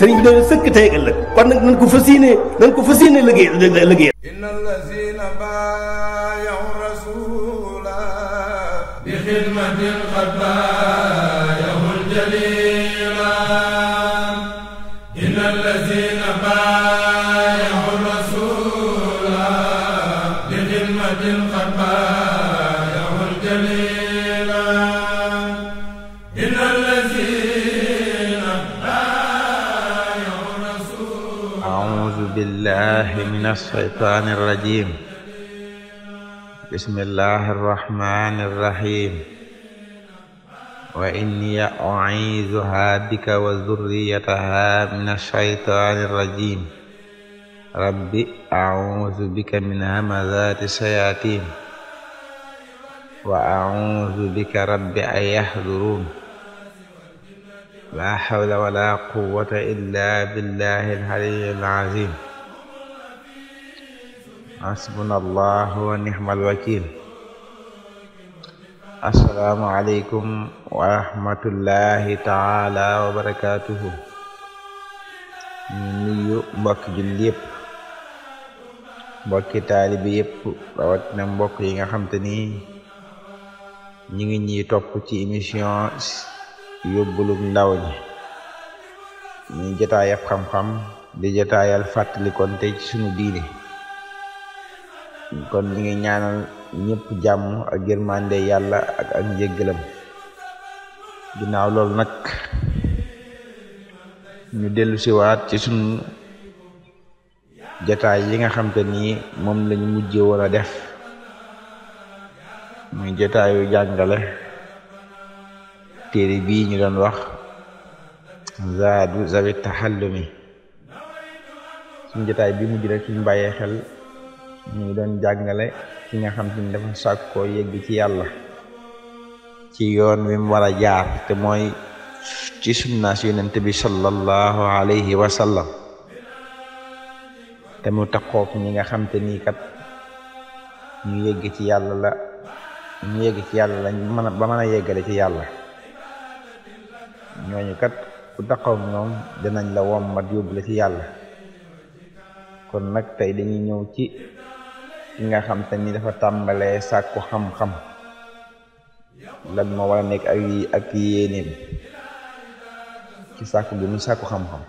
sëriñ bi dañu sëkk tey ëllëg kon nag nañ ko fas yéene nañ ko fas yéene liggéey liggéey inna allazina baayahu rasula bi xidmatin qad baayahu aljalila inna allazina baayahu rasula bi xidmatin qad baayahu aljalila بالله من الشيطان الرجيم بسم الله الرحمن الرحيم وإني أعيذها بك وذريتها من الشيطان الرجيم رب أعوذ بك من همزات الشياطين وأعوذ بك رب أن يحضرون لا حول ولا قوة إلا بالله العلي العظيم hasbunallahu wa nihmal wakil assalaamu aleykum wa rahmatullahi taala wa barakatuhu mbokki julli yëpp mbokki taalibi yëpp rawatina mbokk yi nga xam te ni ñu ngi ñuy topp ci émission yóbbulum ndaw ñi ñu jotaayab xam-xam di jotaayal fàttalikonte ci sunu diine kon ñu ngi ñaanal ñëpp jàmm ak yërmande yàlla ak ak njéggalam ginnaaw loolu nag ñu dellu siwaat ci sunu jataay yi nga xamte nii moom lañu mujje woon a def muy jataayu jàngale téere bii ñu doon wax zaadu zawi taxallumi suñu jataay bi mujj rek suñu bàyyee xel ñu doon jàngale ki nga xam te ni dafa sàkkoo yegg ci yàlla ci yoon wi mu war a jaar te mooy ci sunnaas yonent bi sallallahu alayhi wa sallam te mu taqook ñi nga xam te ni kat ñu yegg ci yàlla la ñu yegg ci yàlla la mën a ba mën ci yàlla ñooñu kat ku taqook ñoom dinañ la wommat yóbbu la ci yàlla kon nag tey dañuy ñëw ci ki nga xam te nii dafa tàmbalee sàkku xam-xam lan moo war a nekk ak ak yéenéem ci sàkku bi mu sàkku xam-xam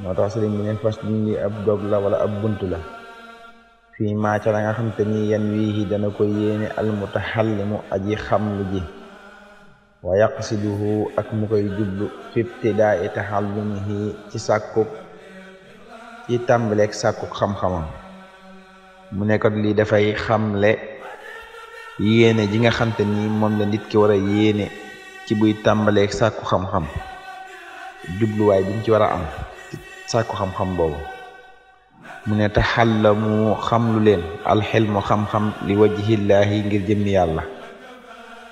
moo tax sëriñ bi ne fas li ab dog la wala ab bunt la fii maaca la nga xam te ni yan wii dana ko yéene almutaxallimu aji xamlu ji wa yaqsiduhu ak mu koy jublu fibtidaai taxallumihi ci sàkkuk ci tàmbaleek sàkkuk xam-xamam mu ne kon lii dafay xamle yéene ji nga xamte ni moom la nit ki war a yéene ci buy tàmbaleek sàkku xam-xam jubluwaay bi mu ci war a am sàkku xam-xam boobu mu ne taxallamu xamlu leen alxilmu xam-xam li wajhillaahi ngir jëm yàlla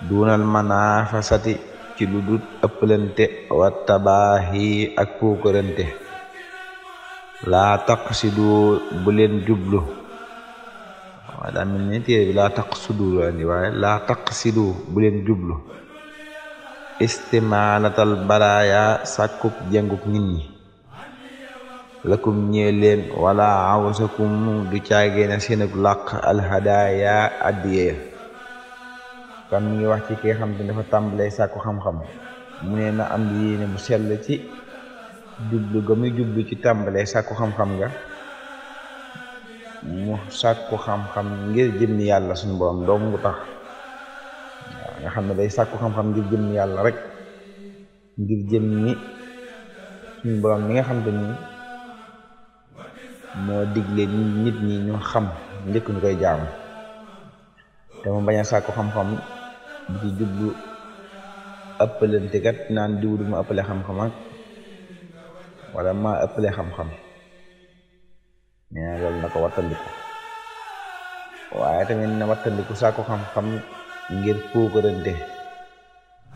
duunal manaafasati ci lu dut ëppalante wa tabaahi ak puukarante laa taqsidu bu leen jublu waaye daa mel ni téere bi laa taqsudu la andi waaye bu leen jublu istimaalatal baraaya sàkkub jëngub nit ñi lakum ñee leen wala awsakum du caagee na seenug làq alhadaaya addiyeya kon mi ngi wax ci ki xam te dafa tàmbalee sàkku xam-xam mu ne na am yéene mu sell ci jublu ga muy jublu ci tàmbalee sàkku xam-xam nga mu sàkku xam-xam ngir jëmmi yàlla suñu borom doomu tax nga xam ne day sàkku xam-xam ngir jëmmi yàlla rek ngir ni suñu borom mi nga xam te ni moo digle nit ñi ñu xam njëkk nu koy jaamu te mu bañ a sàkku xam-xam di jublu ëppalante naan diw du xam-xam ak wala maa ëppale xam-xam. nee na loolu na ko wattandiku waaye tamit na wattandiku saako xam-xam ngir puukarante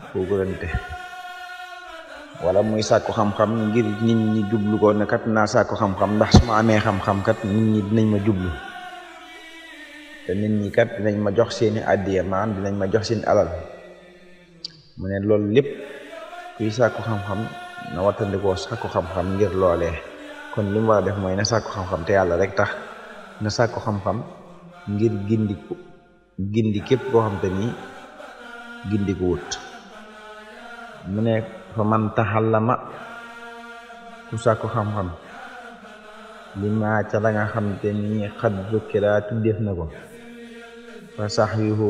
puukarante wala muy sàkku xam-xam ngir nit ñi jublu ko na kat naa sàkku xam-xam ndax su ma amee xam-xam kat nit ñi dinañ ma jublu te nit ñi kat dinañ ma jox seeni àddiya maanaam dinañ ma jox seeni alal mu ne loolu lépp kuy sàkku xam-xam na wattandikoo sàkku xam-xam ngir loolee kon li mu war a def mooy na sàkku xam-xam te yàlla rek tax na sàkk xam-xam ngir gindiku gindi képp koo xam te nii gindiku wut mu ne fa man ma ku sàkku xam-xam li maa ca la nga xam te ni xat zukkira tuddeef na ko fa sax yuhu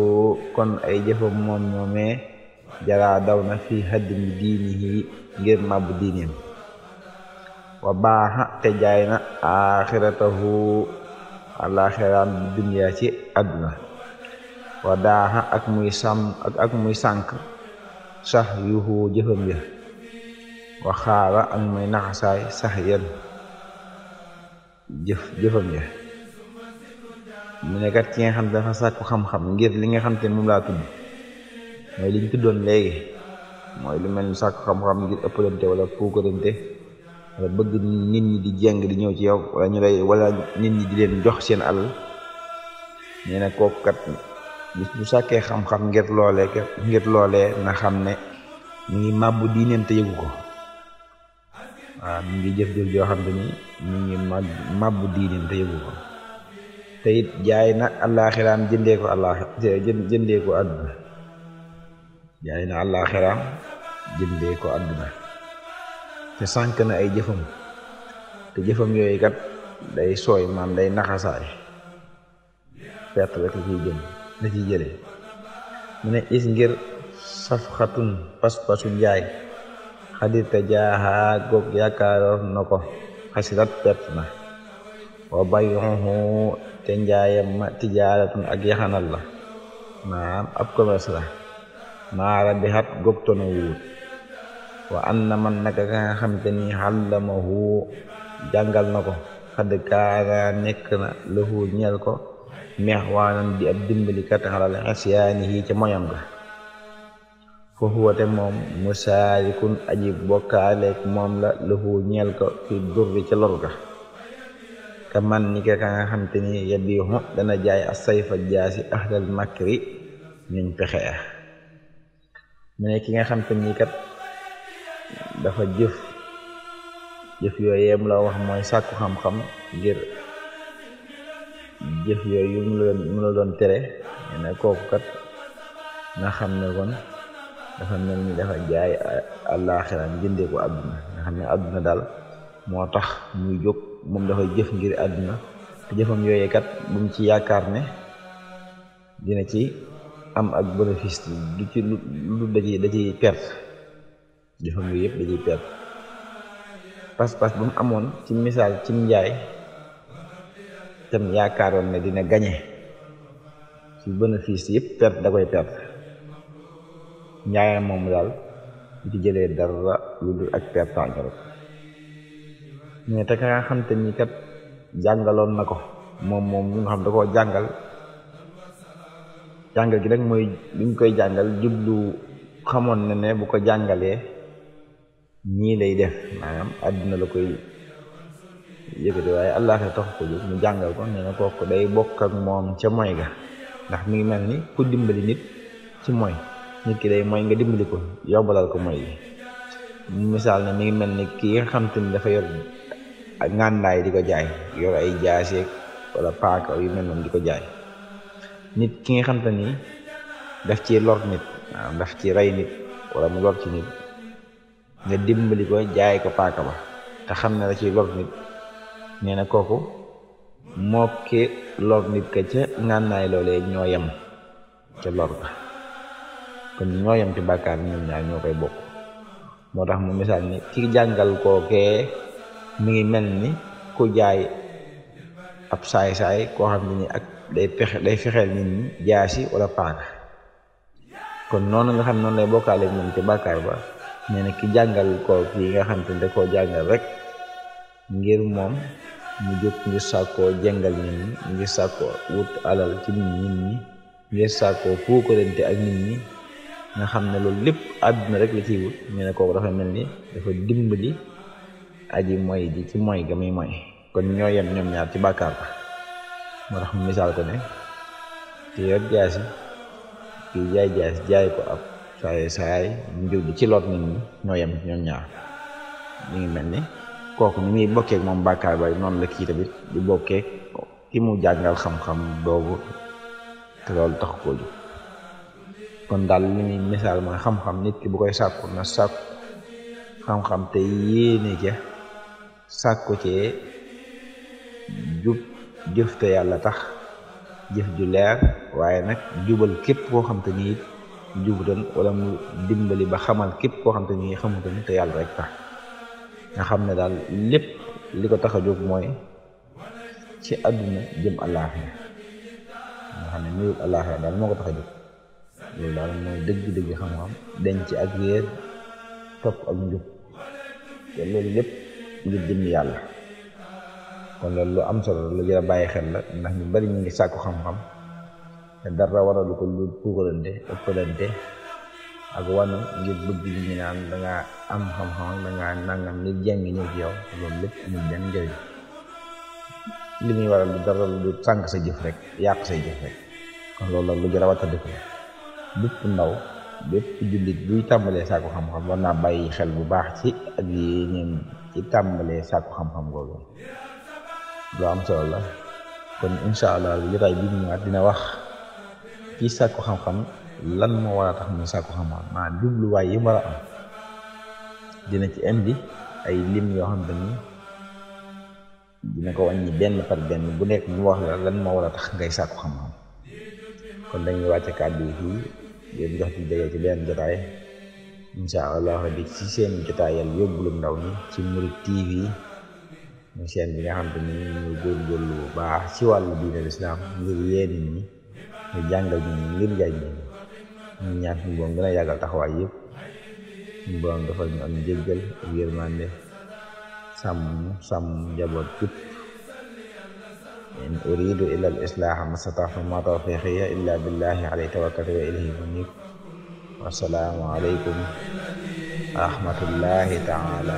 kon ay jëfam moom ñoomee jaraa daw na fii xaddi mi diini yi ngir màbbu diineem wa baaxa te jaay na axiratahu alaxiraam bi dunya ci àdduna wa daaxa ak muy sàmm ak ak muy sànk sax yuhu jëfam ya wa xaaba ak muy naxasaay sax yan jëf jëfam ya mu nekkat ki nga xam dafa sàkku xam-xam ngir li nga xam te moom laa tudd mooy liñ tuddoon léegi mooy lu mel ni sàkku xam-xam ngir ëppalante wala puukarante wala bëgg nit ñi di jeng di ñëw ci yow wala ñu lay wala nit ñi di leen jox seen alal nee na kooku kat bis bu sàkkee xam-xam ngir loolee na xam ne mu ngi màbbu diineem te ko waaw mu jëf jëf joo xam te ni mu ngi màb yëgu ko te jaay na àllaaxiraam jëndee ko àllaax jëndee ko àdduna jaay na àllaaxiraam jëndee ko àdduna te sànq na ay jëfam te jëfam yooyu kat day sooy maam day naxasaay perte rek la ciy jëm la ciy mu ne is ngir safxatun pas-pasu njaay xadir te jaaxaa goog yaakaaroon na ko xasirat perte na wa bayuhu te njaayam ma tijaaratun ak yaxanal la maanaam ab commerce la maara bi xat goog tono wuut wa na man naka ka nga xamante ni xàllamahu jàngal na ko xad kaana nekk na lahu ñeel ko meexwaanan di ab dimbalikat xalal xisyaanihi ca moyam ga fa huwa te moom musaarikun aji bokkaaleek moom la lahu ñeel ko fi durri ca loru ga ka man ni ka nga xamante ni yabiixu dana jaay a sayfa jaasi ahlal makri ñuñ pexe mu ne ki nga xamante kat dafa jëf jëf yooyu mu la wax mooy sàkku xam-xam ngir jëf yooyu mu la doon tere ne kooku kat nga xam ne kon dafa mel ni dafa jaay àllaaxira jëndee ko àdduna nga xam ne àdduna daal moo tax muy jóg moom dafa jëf ngir àdduna te jëfam yooyee kat bu mu ci yaakaar ne dina ci am ak bénéfice du ci lu da ci da perte jëfam yëpp dañuy perte pas-pas bu mu amoon ci misaal ci njaay te yaakaaroon ne dina gañe ci bénéfice yëpp perte da koy perte njaayam moom daal du ci jëlee dara lu ak perte tànk rek mais te ka nga xam te ni kat jàngaloon na ko moom moom mu nga xam da koo jàngal jàngal gi nag mooy li koy jàngal jublu xamoon na ne bu ko jàngalee ñii lay def maanaam àdduna la koy yëkkati waaye àllaaxira tax ko jóg mu jàngal ko nee na kooku day bokk ak moom ca moy ga ndax mi ngi mel ni ku dimbali nit ci moy nit ki day moy nga dimbali ko yobbalal ko moy gi misaal na mi ngi mel ni ki nga xam te ni dafa yor ngàndaay di ko jaay yor ay jaaseeg wala paaka yu mel noonu di ko jaay nit ki nga xam te ni daf ci lor nit maanaam daf ci rey nit wala mu lor ci nit nga dimbali ko jaay ko paaka ba te xam ne la ci lor nit nee na kooku mokke lor nit ka ca ngànnaay loolee ñoo yem ca lor ka kon ñoo yem ci bàkkaar ñoom ñoo koy bokk moo tax mu misaal ni ki jàngal kookee mi ngi mel ni ku jaay ab saay-saay koo xam ne ni ak day pexe day fexeel nit ñi jaasi wala noonu nga xam noonu lay bokkaale ñoom ci bàkkaar ba nee na ki jàngal koo yi nga xam te da koo jàngal rek ngir moom mu jóg ngir sàkkoo jàngal nit ñi ngir sàkkoo wut alal ci nit ñi nit ñi ngir ak nit ñi nga xam ne loolu lépp àdduna rek la ciy wut nee na kooku mel ni dafa dimbali aji moy ji ci moy ga moy kon ñoo yem ñoom ñaar ci bàkkaar ba moo tax mu misaal ko ne ki yor jaasi ki jaay jaay ko ab saay saay njiw bi ci loot nit ñoo yem ñoom ñaar ngi mel ni kooku ni muy bokkeek moom bàkkaar bay noonu la kii tamit du bokkeek ki mu jàngal xam-xam boobu te loolu tax koo kon daal li muy misaal mooy xam-xam nit ki bu koy sàkku na sàkku xam-xam te yéene ca sàkku cee jub jëf te yàlla tax jëf ju leer waaye nag jubal képp koo xam te ni jubutal wala mu dimbali ba xamal képp koo xam te ni xamutoon te yàlla rek tax nga xam ne daal lépp li ko tax a jóg mooy ci àdduna jëm àllaaxira nga daal moo ko tax a jóg loolu daal mooy dëgg-dëgg xam-xam denc ak yéer topp ak njub te loolu lépp ngir jëm yàlla kon loolu lu am solo lu jar bàyyi xel la ndax ñu bari ñu ngi sàkku xam-xam te dara waralu ko lu puukarante ëppalante ak wanu ngir bëgg ñu naan am xam-xam da ngaa nangam li jàng ñëw ci yow loolu lépp amul benn njëriñ li muy sa jëf rek yàq la lu jar a wattandiku la bépp ndaw bépp jullit buy tàmbalee saako xam-xam war naa xel bu baax ci ak yéen ci tàmbalee saako xam-xam googu lu am solo la kon allah jotaay bi ñu ñëwaat dina wax. ci sàkku xam-xam lan moo war a tax muy sàkku xam-xam maanaam jubluwaay yi war a am dina ci indi ay lim yoo xam te ni dina ko wàññi benn par benn bu nekk mu wax la lan moo war a tax ngay sàkku xam-xam kon dañuy wàcce kàddu yi fii yéen jox ci dégee ci benn jotaay incha allah di ci seen jotaayal yóbbulum ndaw ñi ci Murid TV mu seen bi nga xam te ni ñu góorgóorlu bu baax ci wàllu diine lislaam ngir yéen ñi ñu jàngal ñu ngir njariñ ñu ñaan suñu borom gën a yàggal taxawaay yëpp suñu borom defal ñu am jéggal ak yërmande sàmm sàmm njaboot képp in uridu illa al islaaha mastataxtu ma tawfiqiya illa billahi alayhi tawakkaltu wa ilayhi unib wassalaamu alaykum wa rahmatullahi taala